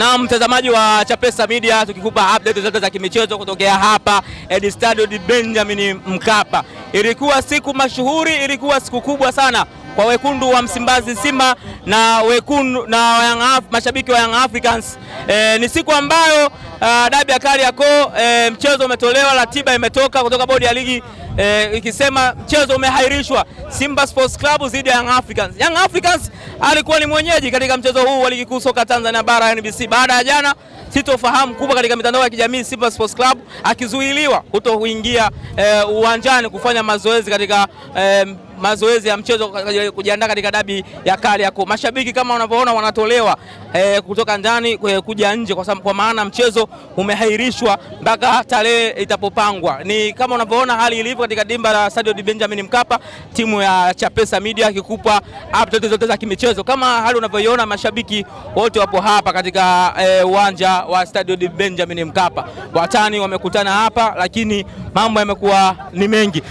Na mtazamaji wa Chapesa Media, tukikupa update zote za kimichezo kutokea hapa Stadium Benjamin Mkapa. Ilikuwa siku mashuhuri, ilikuwa siku kubwa sana kwa wekundu wa Msimbazi Simba na wekundu na Young mashabiki wa Young Africans. E, ni siku ambayo e, dabi ya Kariakoo e, mchezo umetolewa, ratiba imetoka kutoka bodi ya ligi e, ikisema mchezo umehairishwa Simba Sports Club dhidi ya Young Africans. Young Africans alikuwa ni mwenyeji katika mchezo huu wa ligi kuu soka Tanzania bara NBC baada ya jana sitofahamu kubwa katika mitandao ya kijamii Simba Sports Club akizuiliwa kutokuingia e, uwanjani kufanya mazoezi katika e, mazoezi ya mchezo kujiandaa katika dabi ya Kariakoo. Mashabiki kama unavyoona wanatolewa e, kutoka ndani eh, kuja nje kwa, kwa maana mchezo umehairishwa mpaka tarehe itapopangwa. Ni kama unavyoona hali ilivyo katika dimba la Stadio Benjamin Mkapa, timu ya Chapesa Media kikupa update zote za kimichezo kama hali unavyoiona, mashabiki wote wapo hapa katika eh, uwanja e, wa Stadio Benjamin Mkapa. Watani wamekutana hapa, lakini mambo yamekuwa ni mengi.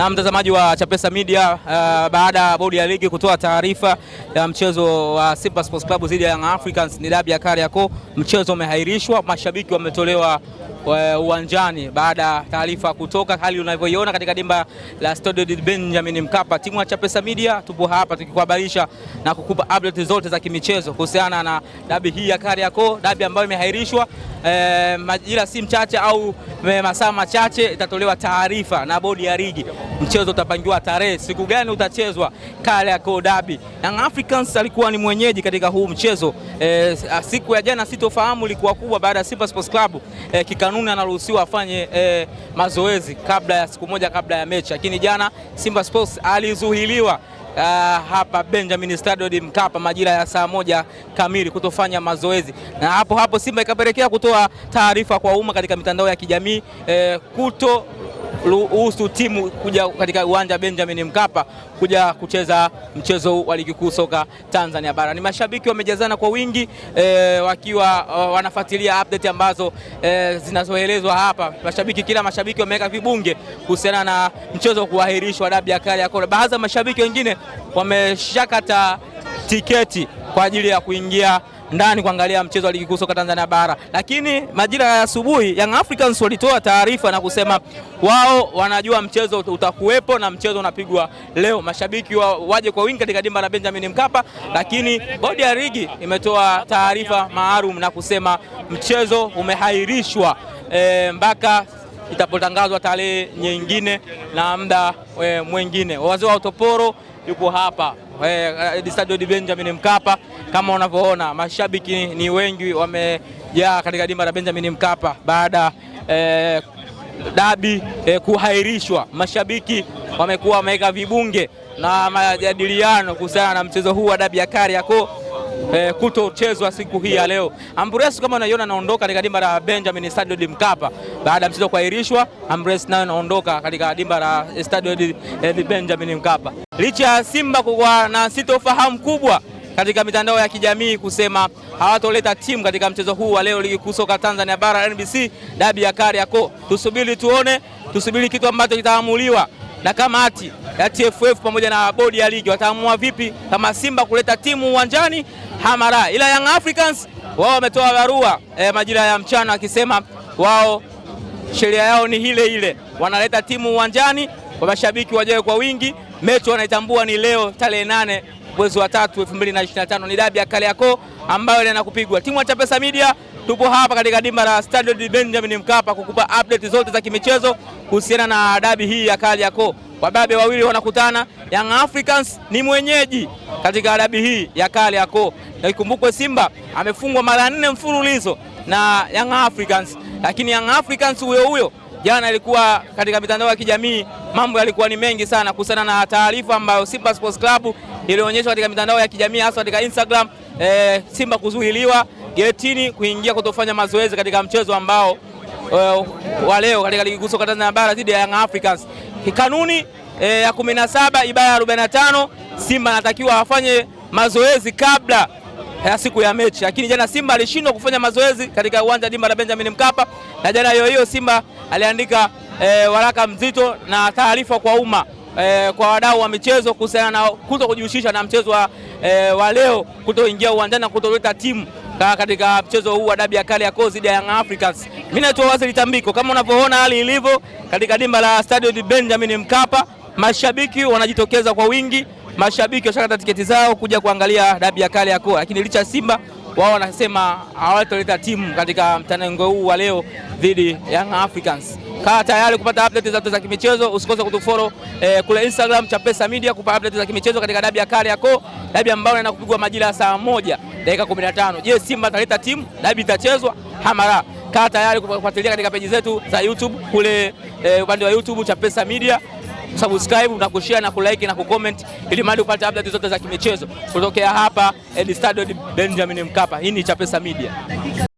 Na mtazamaji wa Chapesa Media, uh, baada ya bodi ya ligi kutoa taarifa ya mchezo wa Simba Sports Club dhidi ya Young Africans, ni dabi ya Kariakoo, mchezo umehairishwa, mashabiki wametolewa uh, uwanjani baada ya taarifa kutoka. Hali unavyoiona katika dimba la Stadio Benjamin Mkapa, timu ya Chapesa Media tupo hapa tukikuhabarisha na kukupa update zote za kimichezo kuhusiana na dabi hii ya Kariakoo, dabi ambayo imehairishwa. E, uh, majira si mchache au eh, masaa machache itatolewa taarifa na bodi ya ligi mchezo utapangiwa tarehe, siku gani utachezwa, Kariakoo Derby. Young Africans alikuwa ni mwenyeji katika huu mchezo e, siku ya jana sitofahamu ilikuwa kubwa baada ya Simba Sports Club e, kikanuni anaruhusiwa afanye e, mazoezi kabla ya siku moja kabla ya mechi, lakini jana Simba Sports alizuhiliwa Uh, hapa Benjamin Stadium Mkapa majira ya saa moja kamili kutofanya mazoezi, na hapo hapo Simba ikapelekea kutoa taarifa kwa umma katika mitandao ya kijamii eh, kuto kuruhusu timu kuja katika uwanja Benjamin Mkapa kuja kucheza mchezo wa ligi kuu soka Tanzania bara. Ni mashabiki wamejazana kwa wingi e, wakiwa eh, wanafuatilia update ambazo e, zinazoelezwa hapa. Mashabiki kila mashabiki wameweka vibunge kuhusiana na mchezo kuahirishwa dabi ya Kariakoo ya Kora. Baadhi ya mashabiki wengine wameshakata tiketi kwa ajili ya kuingia ndani kuangalia mchezo wa ligi kuu soka Tanzania bara, lakini majira ya asubuhi Young Africans walitoa taarifa na kusema wao wanajua mchezo utakuwepo na mchezo unapigwa leo, mashabiki wa, waje kwa wingi katika dimba la Benjamin Mkapa, lakini bodi ya ligi imetoa taarifa maalum na kusema mchezo umehairishwa e, mpaka itapotangazwa tarehe nyingine na muda e, mwingine. Wazee wa utoporo yupo hapa eh, eh Stadio di Benjamin Mkapa. Kama unavyoona mashabiki ni wengi wamejaa katika dimba la Benjamin Mkapa baada eh, dabi eh, kuhairishwa. Mashabiki wamekuwa wameweka vibunge na majadiliano kuhusiana na mchezo huu wa dabi ya Kariakoo eh, kutochezwa siku hii ya leo. Ambrose kama unaiona anaondoka katika dimba la Benjamin Stadium Mkapa baada ya mchezo kuahirishwa. Ambrose nayo anaondoka katika dimba la Stadium eh, Benjamin Mkapa licha ya Simba kuwa na sitofahamu kubwa katika mitandao ya kijamii kusema hawatoleta timu katika mchezo huu wa leo ligi kuu soka Tanzania bara NBC dabi ya Kariakoo. Tusubiri tuone, tusubiri kitu ambacho kitaamuliwa na kamati ya TFF pamoja na bodi ya ligi wataamua vipi kama Simba kuleta timu uwanjani hamara Ila Young Africans wao wametoa barua eh, majira ya mchana wakisema wao sheria yao ni ile ile, wanaleta timu uwanjani kwa mashabiki wajae kwa wingi. Mechi wanaitambua ni leo tarehe nane mwezi wa tatu 2025 ni dabi ya Kariakoo ambayo inaenda kupigwa. Timu ya Chapesa Media tupo hapa katika dimba la Stadium Benjamin Mkapa kukupa update zote za kimichezo kuhusiana na dabi hii ya Kariakoo wababe wawili wanakutana. Young Africans ni mwenyeji katika adabi hii ya kale yako, na ikumbukwe Simba amefungwa mara nne mfululizo na Young Africans, lakini Young Africans huyo huyo jana ilikuwa katika mitandao ya kijamii, mambo yalikuwa ni mengi sana kuhusiana na taarifa ambayo Simba Sports Club ilionyeshwa katika mitandao ya kijamii hasa katika Instagram. E, Simba kuzuiliwa getini kuingia kutofanya mazoezi katika mchezo ambao e, wa leo katika ligi kuu soka Tanzania bara dhidi ya Young Africans. Kanuni e, ya kumi na saba ibara ya arobaini na tano Simba anatakiwa afanye mazoezi kabla ya siku ya mechi, lakini jana Simba alishindwa kufanya mazoezi katika uwanja dimba la Benjamin Mkapa, na jana hiyo hiyo Simba aliandika e, waraka mzito na taarifa kwa umma e, kwa wadau wa michezo kuhusiana na kuto kujihusisha na mchezo wa, e, wa leo, kutoingia uwanjani na kutoleta timu katika mchezo huu wa dabi ya kali ya kozi dhidi ya Young Africans. Mimi naitwa Wazili Tambiko, kama unavyoona hali ilivyo katika dimba la Stadium Benjamin Mkapa, mashabiki wanajitokeza kwa wingi, mashabiki washakata tiketi zao kuja kuangalia dabi ya kali ya Coast, lakini licha Simba wao wanasema hawatoleta timu katika mtanengo huu wa leo dhidi Young Africans. Kaa tayari kupata update zote za kimichezo, usikose kutufollow eh, kule Instagram Chapesa Media kupata update za kimichezo katika dabi ya Kariakoo, dabi ambayo inaenda kupigwa majira ya saa moja dakika 15. Je, Simba ataleta timu? Dabi itachezwa Hamara. Kaa tayari kufuatilia katika peji zetu za YouTube kule eh, upande wa YouTube Chapesa Media subscribe na kushare na kulike na kucomment ili mali upate update zote za kimichezo kutokea hapa Ed Stadium Benjamin Mkapa. Hii ni Chapesa Media.